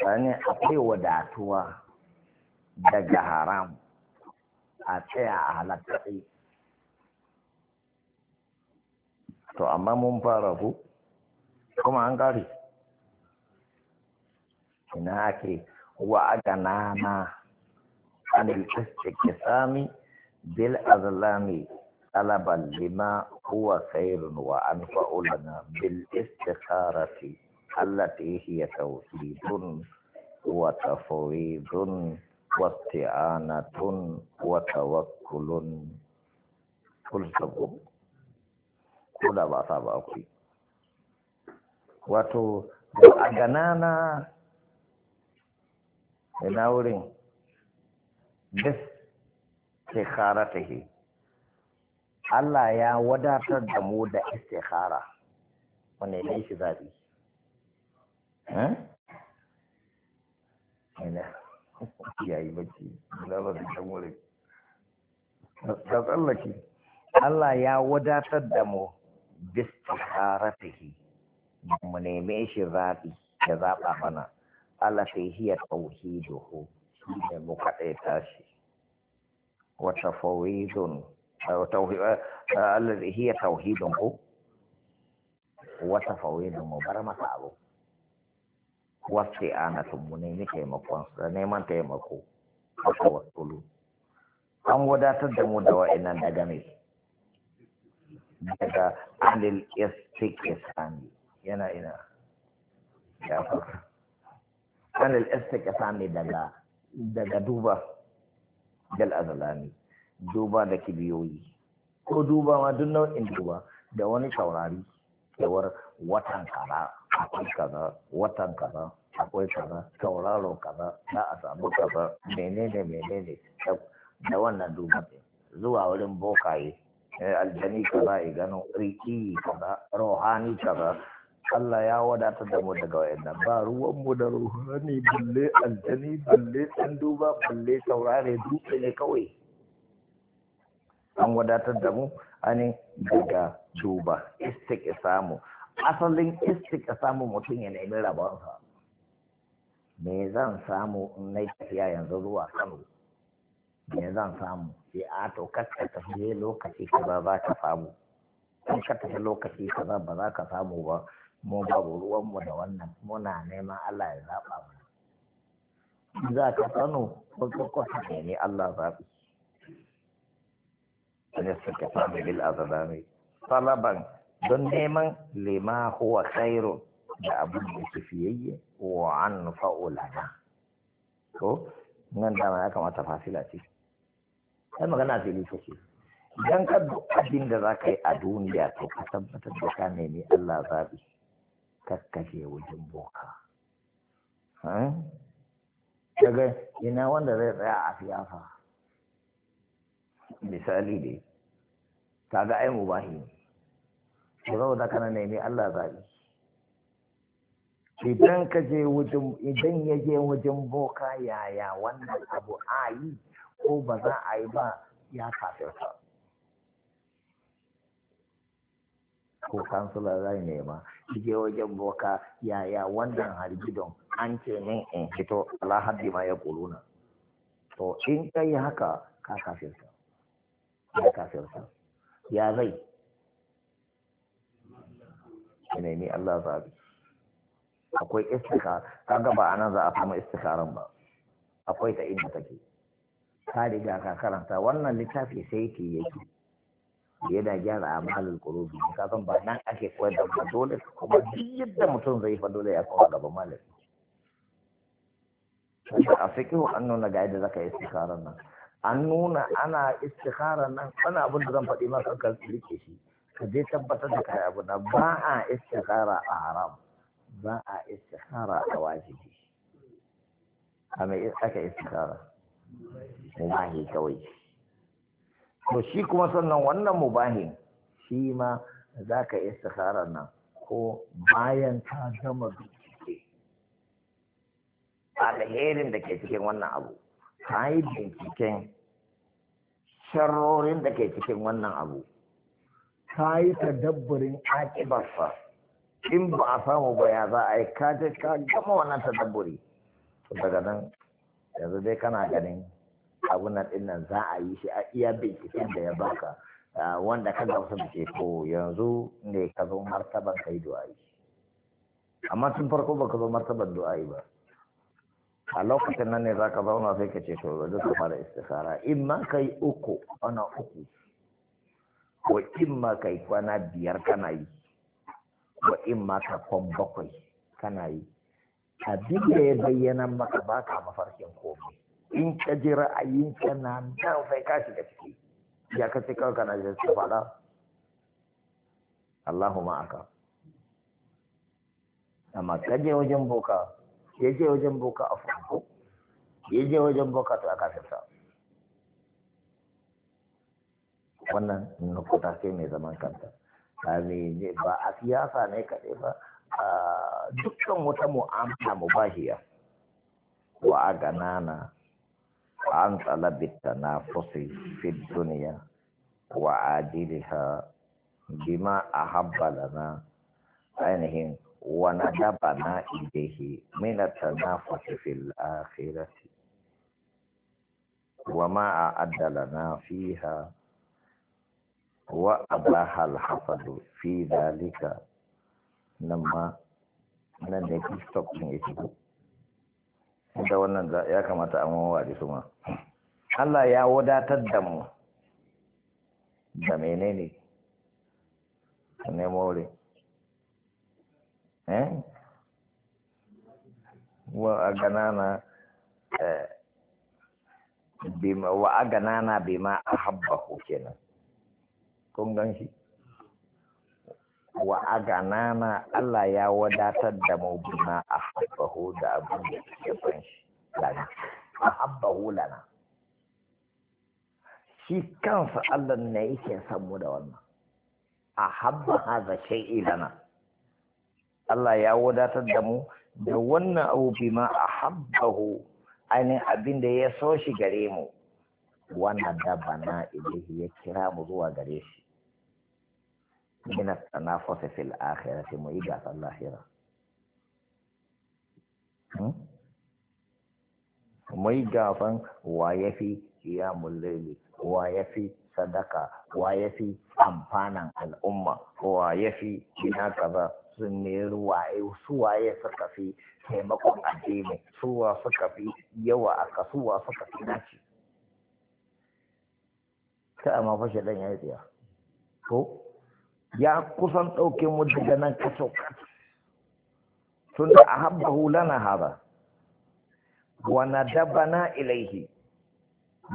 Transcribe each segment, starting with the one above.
sani akwai wadatuwa daga haram a tsaya a halakkaɗe to amma mun fara ku kuma an ƙari ina ake wa aga nana an ke sami bil azlami talaban lima huwa khairun wa anfa'u lana bil allati hiya tawhidun wa tafawidun wa isti'anatun wa tawakkulun kul sabu kula ba sa ba ku wato a ganana ina wurin bis tekhara tehi Allah ya wadatar da mu da istikhara wannan ne shi zabi ina ya bacci ba su can wuri da tsallake Allah ya wadatar da mu bistiharatihi mu neme shi zaɓi ya zaɓa mana Allah sai hiya tauhiduhu shi ne mu kaɗai tashi wata fawidun Allah hiya tauhidun ku wata fawidun mu bar masa abu wasu anatun mu nemi taimakon da neman taimako a tawakkulu an wadatar da mu da wa'annan daga mai daga alil istiqsami yana ina ya fuka alil istiqsami daga daga duba dal azlami duba da kibiyoyi ko duba ma duk nau'in duba da wani taurari cewar watan kaza a kaza watan kaza akwai kaza tauraro kaza za a samu kaza menene menene da wannan duba zuwa wurin bokaye eh, aljani kaza ya gano riki kaza rohani kaza Allah ya wadatar da mu daga wayannan ba ruwan mu da ruhani balle aljani balle ɗan duba balle saurare dutse ne kawai an wadatar da mu ani daga duba istiƙi asalin istiƙi samu mutum ya nemi rabonsa me zan samu in na tafiya yanzu zuwa kano me zan samu sai a to kar ka tafi lokaci ba za ka samu in ka tafi lokaci za ba za ka samu ba mu babu ruwanmu da wannan muna neman Allah ya zaɓa mu za ka kano ko kwata ne ne Allah zaɓi da suka sami bil azalami talaban don neman lima huwa khairun da abin da ke fiyayye wa an na to nan dama ya kamata fasila ce Sai magana fili take idan ka duk abin da za ka yi a duniya to ka tabbatar da ka nemi Allah zaɓi kakkaje wajen boka daga ina wanda zai tsaya a fiyafa misali dai kaga ai mubahi ne ko zau da kana nemi Allah zaɓi idan ka je wajen idan ya je wajen boka yaya wannan abu a yi ko ba za a yi ba ya kafirta ko kansula zai nema je wajen boka yaya wannan hargidon an ce min in fito alhaji ma ya kuluna to in ka yi haka ka kafirta ya ya zai ne ni Allah zabi akwai istikara kaga ba anan za a samu istikaran ba akwai ta inda take ka riga ka karanta wannan littafi sai ke yake yana gyara amalul qulubi ka san ba nan ake koyar da mutum dole kuma duk yadda mutum zai fa dole ya kawo gaban malami a fiqhu an nuna ga yadda zaka istikaran nan an nuna ana istikaran nan wani abin da zan faɗi maka ka rike shi ka je tabbatar da kai abu na ba a istikara a haram ba a istihara a wajibi a mai aka Mu mubahi kawai to shi kuma sannan wannan bahi. shi ma za ka istihara nan ko bayan ka gama bincike alherin da ke cikin wannan abu ka yi binciken sharrorin da ke cikin wannan abu ka yi ta tadabburin akibarsa in ba a samu ba ya za a yi kaje ka gama wannan tadabburi to daga nan yanzu dai kana ganin abun nan din nan za a yi shi a iya binciken da ya baka wanda ka gamsu da ke ko yanzu ne ka zo martaban kai du'a'i amma tun farko baka zo martaban du'a'i ba a lokacin nan ne za ka zauna sai ka ce to yanzu duk fara istikhara in ma kai uku ana uku ko in ma kai kwana biyar kana yi wa in ma ka kwan bakwai kana yi abin da ya bayyana maka ba ka mafarkin komai in ka ji ra'ayin ka na nan sai ka shiga ciki ya ka ce kawai kana jin su faɗa Allahu ma'aka amma ka je wajen boka ya je wajen boka a farko ya je wajen boka to aka sa wannan nukuta sai mai zaman kanta a mene ba a siyasa ne kaɗai ba a dukkan wata mu'amala mu wa a ganana an talabita na fusi fi duniya wa adiliha bima a habbala na ainihin wani daba na idehi minata na fusi fil akhirati wa ma a addala na fiha wa abaha alhafadu fi dalika nan ma nan ne kristof ɗin ya shigo da wannan ya kamata a mawa da su ma Allah ya wadatar da mu da menene ne more eh wa aganana eh bima wa aganana bima ahabbahu kenan kun gan shi wa aganana Allah ya wadatar da mu a ahabbahu da abin da ke ban shi lana ahabbahu lana shi kansa Allah na yake samu da wannan a ahabba hadha shai lana Allah ya wadatar da mu da wannan abu a ahabbahu ainihin abin da ya so shi gare mu wannan dabana ilihi ya kira mu zuwa gare shi من التنافس في الآخرة مؤيدة الآخرة مؤيدة فان ويفي قيام الليل ويفي صدقة ويفي أمبانا الأمة ويفي بنا كذا سنير وعيو سوى يفق في كيمك الأجيم سوى فق في يوى أكا سوى فق في ناشي كأما فشل أن يديه ya kusan ɗauke mu daga nan kaso tunda ahabbahu lana hada wa nadabana ilaihi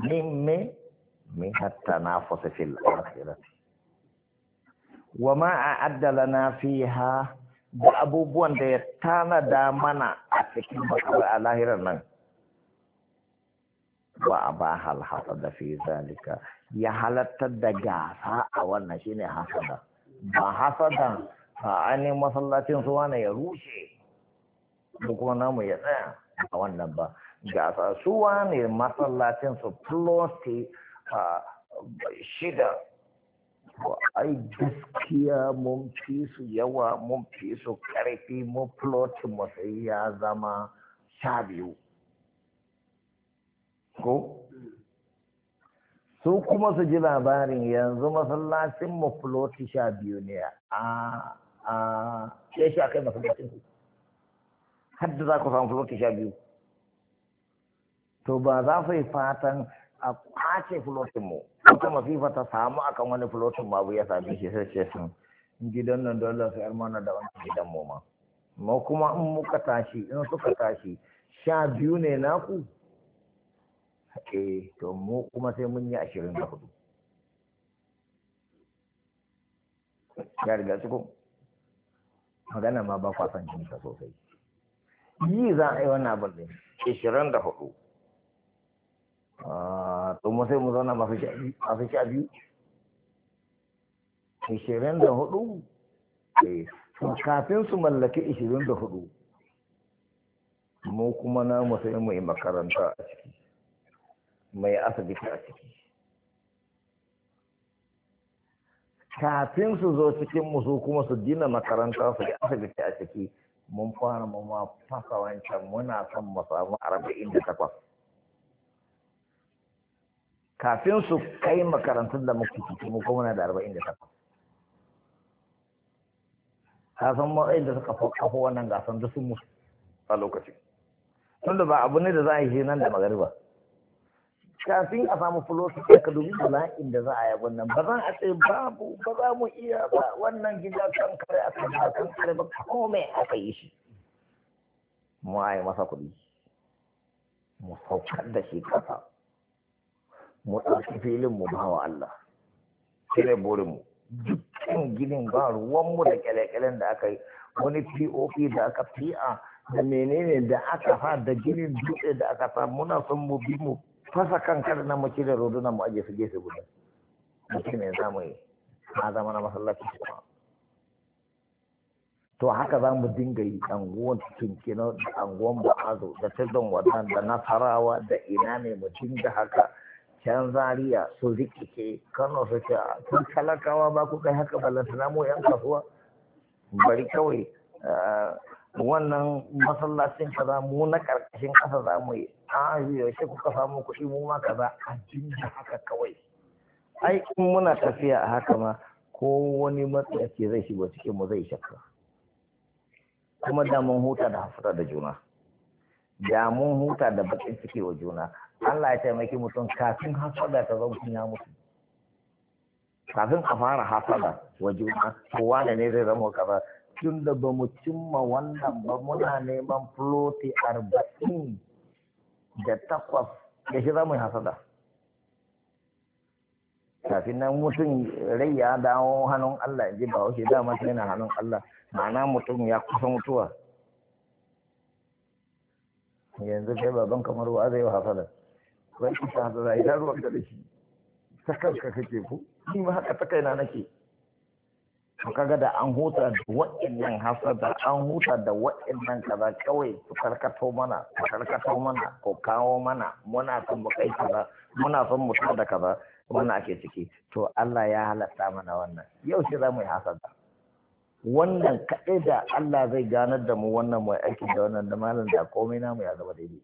min me min hatta na fil akhirati wa ma na fi ha, da abubuwan da ya tanada mana a cikin makabar a lahirar nan a ba hal hasada fi zalika ya halartar da gasa a wannan shine hasada ba hasadan a ainihin masallacin su wane ya rushe duk kuma mu ya tsaya a wannan ba gasa su wane masallacin su plosti a shida ai gaskiya mun fi su yawa mun fi su karfi mun plotin mu sai ya zama sha biyu ko su kuma su ji labarin yanzu masallacin mu floti sha biyu ne a a sai shi akai masallacin ku hadda za ku samu floti sha biyu to ba za su yi fatan a kwace flotin mu kuma mafifa ta samu akan wani flotin babu ya sami shi sai ce sun gidan nan dole su yar mana da wani gidan mu ma mu kuma in muka tashi in suka tashi sha biyu ne naku e to mu kuma sai mun yi ashirin da hudu ya riga su ko magana ma ba san jinta sosai yi za a yi wani abin ne ashirin da hudu ah, to mu sai mu zauna masu sha biyu ashirin da hudu eh, kafin su mallaki ashirin da hudu mu kuma na mu sai mu yi makaranta a ciki mai asibiti a ciki kafin su zo cikin musu kuma su dina makaranta su yi asibiti a ciki mun fara mu ma fasa wancan muna son mu samu arba'in da takwas kafin su kai makarantun da muke ciki mu kuma da arba'in da takwas ka san matsayin da suka kafa wannan gasan da sun musu a lokacin tunda ba abu ne da za a yi nan da magariba kafin a samu fulosi sai ka dubi bala'in da za a yi wannan ba za a ce babu ba za mu iya ba wannan gida kan kare a kan kan kare ba komai aka yi shi mu a yi masa kuɗi mu saukar da shi kasa mu ɗauki filin mu ba wa Allah shi ne mu. dukkan ginin ba ruwan mu da kyalekyalen da aka yi wani pop da aka fi'a da menene da aka fa da ginin dutse da aka fa muna son mu bi mu fasa kan kar na mu da roduna mu aje su gefe guda mutum ne za mu yi na zama na masallaci to haka za mu dinga yi anguwan da anguwan ba'azo da tudun wadan da nasarawa da ina ne mu dinga haka can zariya su rikice kano su ce tun talakawa ba ku kai haka balanta mu yan kasuwa bari kawai eh, wannan masallacin ka za mu na karkashin kasa za mu yi a yaushe kuka samu kuɗi mu ma kaza a jinja haka kawai ai in muna tafiya a haka ma ko wani matsayaci zai shigo cikin mu zai shakka kuma da mun huta da hafura da juna da mun huta da bakin ciki wa juna Allah ya taimaki mutum kafin hafada ta zo ya mutu kafin ka fara hafada wa juna kowa wane ne zai zama kaza tun da ba mu cimma wannan ba muna neman floti arba'in da takwas da shi za mu yi hasada kafin nan mutum rai ya dawo hannun Allah ji ba wuce dama sai yana hannun Allah ma'ana mutum ya kusa mutuwa yanzu sai baban kamar wa zai yi hasada wani kusa hasada ya ruwan da shi ta kanka kake ku, ni ma haka ta kaina nake to kaga da an huta da wa'annan hasada an huta da wa'annan kaza kawai ku karkato mana ku karkato mana ko kawo mana muna son mu kai kaza muna son mu da kaza wannan ake ciki to Allah ya halatta mana wannan yau shi za mu yi hasada wannan kaɗai da Allah zai ganar da mu wannan mai aiki da wannan da malam da komai namu ya zama daidai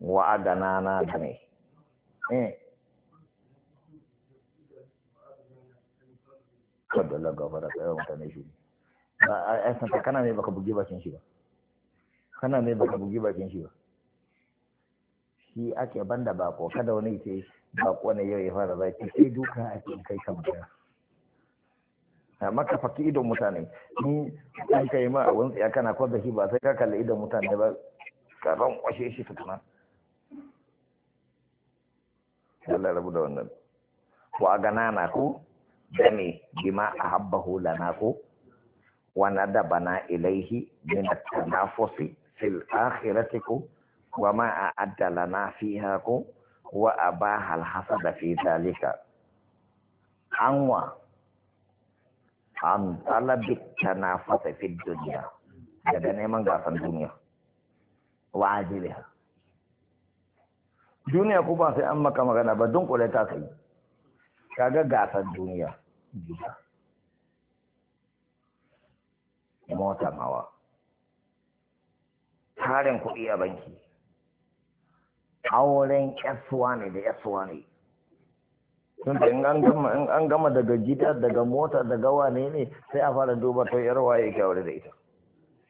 wa'adana na da ne eh ka da gaba da kai mutane shi ba a san ka kana ne baka bugi bakin shi ba kana ne baka bugi bakin shi ba shi ake banda bako kada wani ce bako ne yau ya fara zai ce sai duka a cikin kai kan baya amma ka faki idon mutane in an kai ma abun tsaya kana kwan da shi ba sai ka kalli idon mutane ba ka ran kwashe shi tukuna Allah rabu da wannan wa ganana ku dami bima ahabbahu lana ko wa nadabana ilaihi min at-tanafusi fil akhirati ko wa ma a'adda lana fiha ko wa abaha al-hasada fi dhalika anwa an talabi tanafusi fi dunya daga neman gasan duniya wa ajiliha duniya ko ba sai an maka magana ba dunkule ta kai kaga gasar duniya gida motar hawa tarin kuɗi a banki auren yasuwa ne da yasuwa ne tun da an gama daga gida daga mota daga wane ne sai a fara duba to yar ya ke aure da ita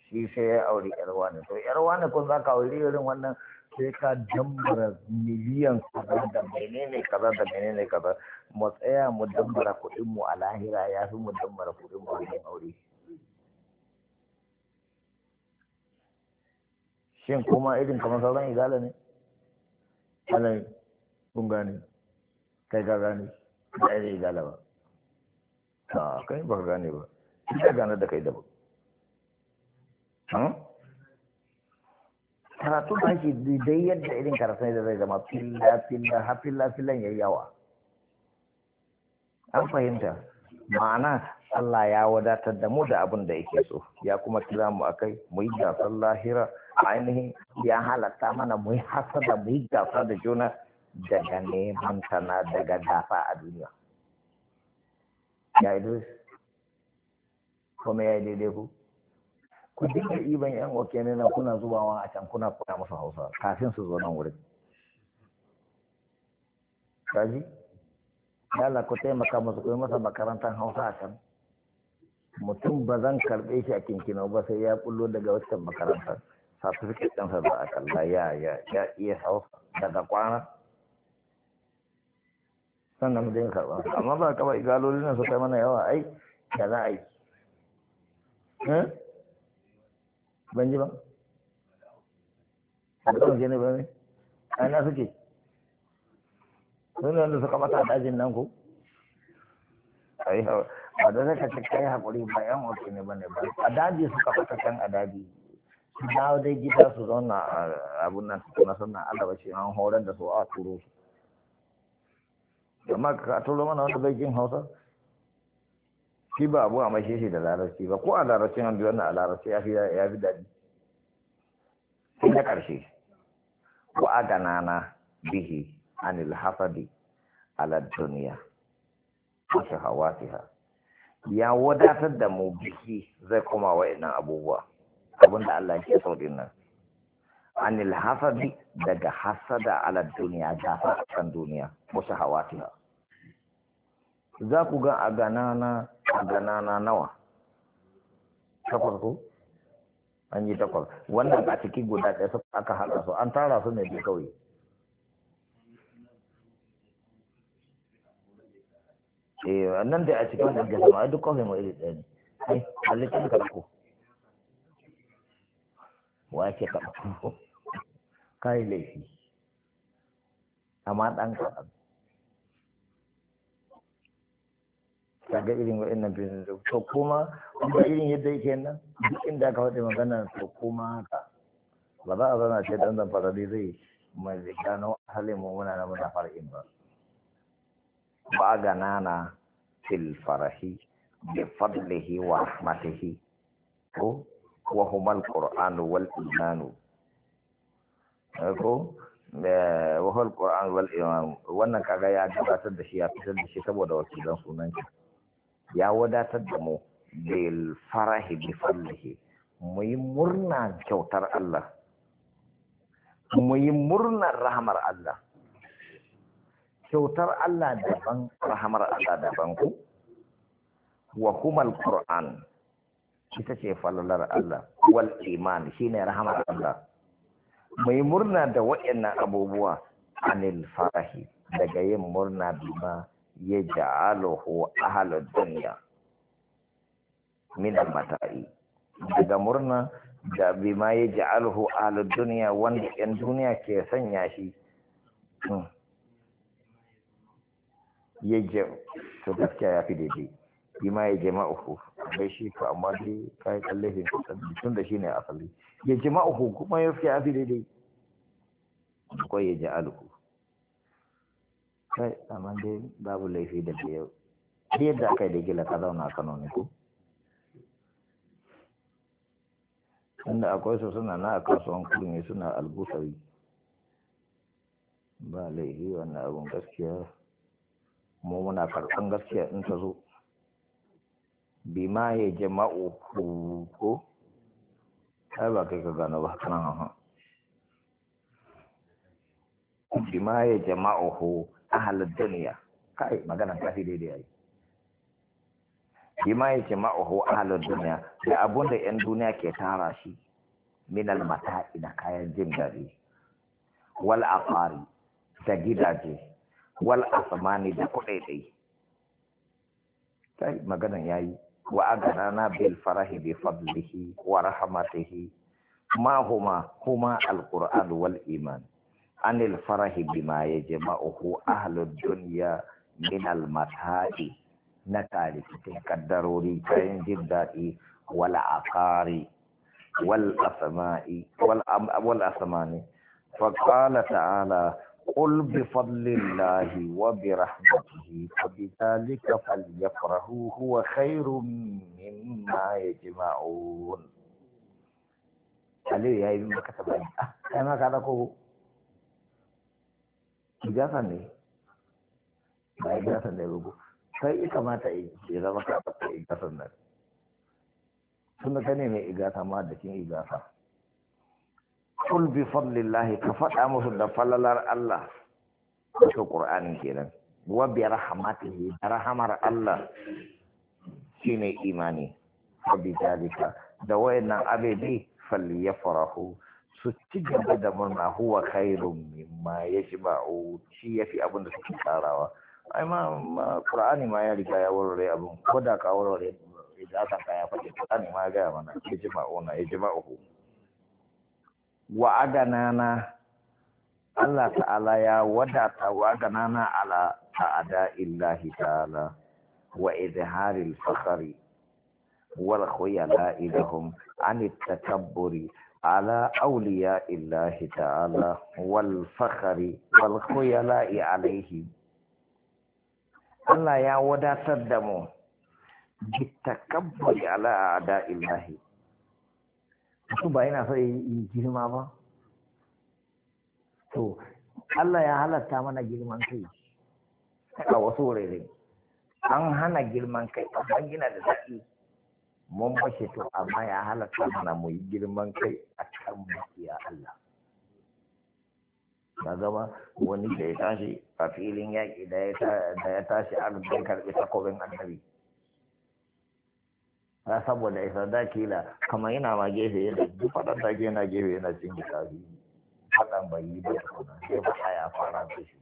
shi sai ya aure yar wane to yar wane kun za ka aure irin wannan sai ka dambara miliyan kaza da menene kaza da menene kaza mu tsaya mu dambara kuɗin mu a lahira ya fi mu dambara kuɗin mu a cikin aure shin kuma irin kamar sauran igala ne alai kun gane kai ka gane da irin igala ba ta kai ba ka gane ba ita gane da kai da ba hmm? Karatun da ake dai yadda irin karatun da zai zama filla filla ha filla fillan yayi yawa an fahimta ma'ana Allah ya wadatar da mu da abin da yake so ya kuma kira mu akai mu yi gasar lahira ainihin ya halatta mana mu yi hasada mu yi gasa da juna daga neman tana daga dafa a duniya ya idris kuma ya yi daidai ku ku dinga iban yan oke ne na kuna zubawa a can kuna koya masa hausa kafin su zo nan wurin kaji yalla ku taimaka musu ku yi masa makarantar hausa a can mutum ba zan karɓe shi a kinkina ba sai ya bullo daga wata makarantar certificate ɗansa za a kalla ya ya ya iya hausa daga kwana sannan mu dinga karɓa amma ba kawai galolin su kai mana yawa ai da za a yi eh? ban ji ba ba ne ba ne a ina suke sun wanda suka mata dajin nan ko ai hawa ba da zaka ce kai hakuri ba yan wasu ne ba ne ba a daji suka fata kan a daji su dawo dai gida su zauna abun nan su na sannan Allah shi an horar da su a turo su amma ka turo mana wanda bai jin Hausa shi ba abu a mashi shi da larabci ba ko a larabci an biyu wannan a larabci ya fi ya fi daɗi sai na ƙarshe wa ganana bihi anil hasadi ala duniya wa ha? ya wadatar da mu bihi zai koma wa'annan abubuwa abinda Allah ke sau din nan anil hasadi daga hasada ala duniya da kan duniya wa ha? za ku ga a ganana. Ganana na nawa takwas ko an yi takwas wannan a ciki guda ɗaya su aka haɗa su an tara su ne bi kawai eh nan dai a cikin wannan gasa ma duk kawai mai iri ɗaya ne eh halittar ka Wa wace ka ɗauko kai laifi amma ɗan kaɗan daga irin wa'annan biyu to kuma ba irin yadda yake nan duk inda aka faɗi magana to kuma haka ba za a zana ce dan zan fara zai mai gano halin mu muna na muna far'in ba ba ganana fil farahi bi fadlihi wa rahmatihi ko wa humal qur'anu wal imanu eh, ko eh, wa humal qur'anu wal imanu wannan kaga ya gabatar da shi ya fitar da shi saboda wakilan sunan shi ya wadatar da mu bil farahi bi fadlihi mu yi murna kyautar Allah mu yi murnar rahamar Allah kyautar Allah daban rahamar Allah daban ku wa kuma alquran ita ce falalar Allah wal iman shine rahamar Allah mu yi murna da waɗannan abubuwa anil farahi daga yin murna bima ya ja'aluhu ahalud dunya min al-mata'i daga murna da bima ya ja'aluhu ahalud dunya wanda yan duniya ke sanya shi hmm. ya je to gaskiya ya fi daidai bima ya jama'uhu bai shi to amma dai kai kallafin tun da shine asali ya jama'uhu kuma ya fi daidai ko ya ja'aluhu kai amma dai babu laifi da biyu duk yadda aka yi da gila ka zauna kano ne ko inda akwai su suna na kasuwan ne suna albusari ba laifi wannan abun gaskiya mu muna karɓan gaskiya in ta zo ma ya jama'u ko ai ba kai ka gano ba kanan bi ma. ya jama'u ahalar duniya kai maganan kafi daidai yayi kima yake ma'ahu ahalar duniya da abun da 'yan duniya ke tara shi minal mata'i da kayan jin dadi wal aqari da gidaje wal asmani da dai kai maganan yayi wa agarana bil farahi bi fadlihi wa rahmatihi ma huma huma qur'an wal iman عن الفرح بما يجمعه أهل الدنيا من المتاع نتالي تلك الضروري كاين جدائي والعقار والأسماء والأسمان فقال تعالى قل بفضل الله وبرحمته فبذلك فليفرحوا هو خير مما يجمعون عليه يا ابن كتب انا كما ijaza ne ba ijaza ne rubu sai i kamata ya zama ka ta ijaza nan tunda ka ne mai igasa ma da kin igasa kul bi fadlillahi ka faɗa musu da falalar Allah wato Qur'anin kenan wa bi rahmatihi rahamar Allah shine imani wa bi dalika da wayannan abidi falyafrahu su ci gaba da murna huwa khairun mimma yajma'u shi yafi abin da suke tsarawa ai ma qur'ani ma ya riga ya warware abin ko da ka warware idan ka kaya fadi qur'ani ma ga mana yajma'u na yajma'u wa adanana Allah ta'ala ya wadata wa adanana ala ta'ada illahi ta'ala wa izharil fakhri wal khuyala ilahum an takabburi على أولياء الله تعالى والفخر والخيلاء عليه الله يا ودا تدمو بالتكبر على أعداء الله su ba yana sai yi girma ba to Allah ya halatta mana girman kai a wasu wurare an hana girman kai an gina da zaƙi mun bashi to amma ya halatta mana mu yi girman kai a kan ya Allah na zama wani da ya tashi a filin yaƙi da ya tashi a rubin karɓi takobin annabi na saboda isa da kila kamar yana ma gefe yana duk faɗan da yana gefe yana cin gikafi faɗan bai yi ba tukuna sai a ya fara su shi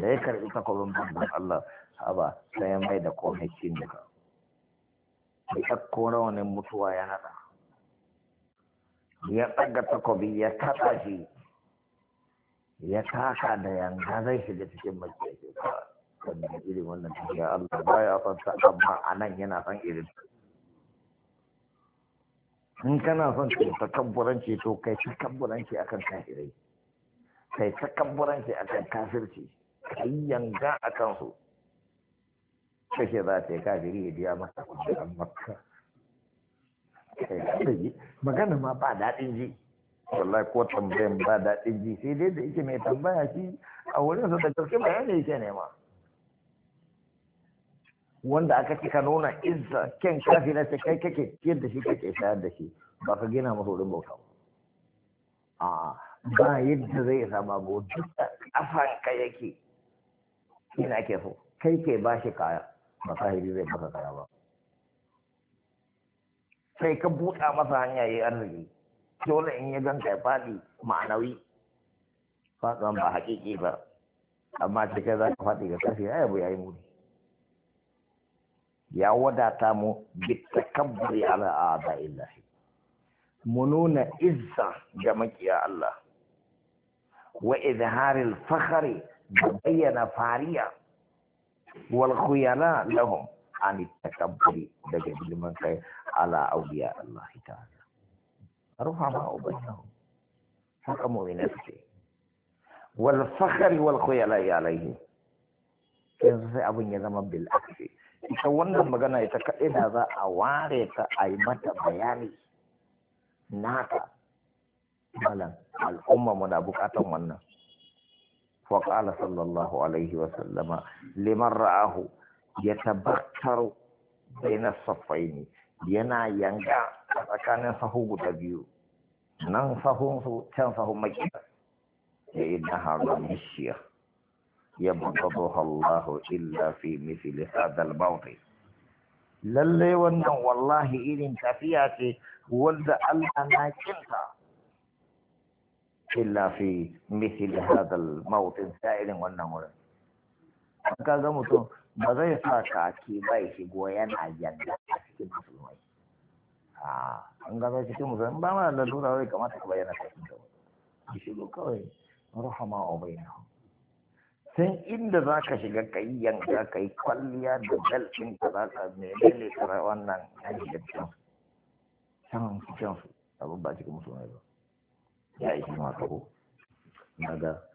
da ya karɓi takobin banzan Allah haba sai ya mai da komai cin duka. ya ɗauko rawanin mutuwa ya nada ya ɗaga takobi ya taɓa shi ya taka da yanga zai shiga cikin mace wannan irin wannan tafiya Allah ba ya son sa amma a nan yana son irin in kana son ka takabburanci to kai takabburanci akan kafirai kai takabburanci akan kafirci kai yanga akan su kashe za ta yi kafiri ya biya masa kudin makka magana ma ba daɗin ji wallahi ko tambayan ba daɗin ji sai dai da yake mai tambaya shi a sa da gaske bayani yake nema wanda aka ci ka nuna izza ken kafi na kai kake ciyar da shi kake sayar da shi ba ka gina masa wurin bauta a ba yadda zai zama ba duk da kafa ka yake ina ke so kai ke ba shi kaya ba sahiri zai baka kaya ba sai ka buɗa masa hanya ya yi arziki dole in ya ganka ya faɗi ma'anawi faɗuwan ba haƙiƙi ba amma ce kai za ka faɗi ga kafi ya yabo ya yi muni ya wadata mu bitakabbari ala a'da illahi mu nuna izza ga makiya Allah wa izharil fakare da bayyana fariya wal khuyala lahum an takabburi daga girman kai ala awliya Allah ta'ala rufa ma ubayyahu haka ne sai wal fakhr wal khuyala alaihi yanzu sai abin ya zama bil aksi ita wannan magana ita kaɗai da za a ware ta a yi mata bayani naka malam al'umma muna bukatan wannan فقال صلى الله عليه وسلم لمن رآه يتبكر بين الصفين ينا ينقع كان صهو تبيو نن صهو كان صهو مكة إنها رمشية يبغضها الله إلا في مثل هذا الموضع lallai wannan wallahi irin tafiya ce wanda Allah na kinta illa fi misil hadal mawtin sa'irin wannan wurin ka ga mutum ba zai sa kaki ba ya shigo yana yadda a cikin musulmai a an gaza cikin musulmai ba ma lalura zai kamata ka bayyana kafin ka ki shigo kawai rahama o bayyana sai inda za ka shiga ka yi yanka ka yi kwalliya da dalcin ɗin ka za ka ne ka wannan yan shiga cikin can cikin su abin ba cikin musulmai ba ya yi shi masu na ga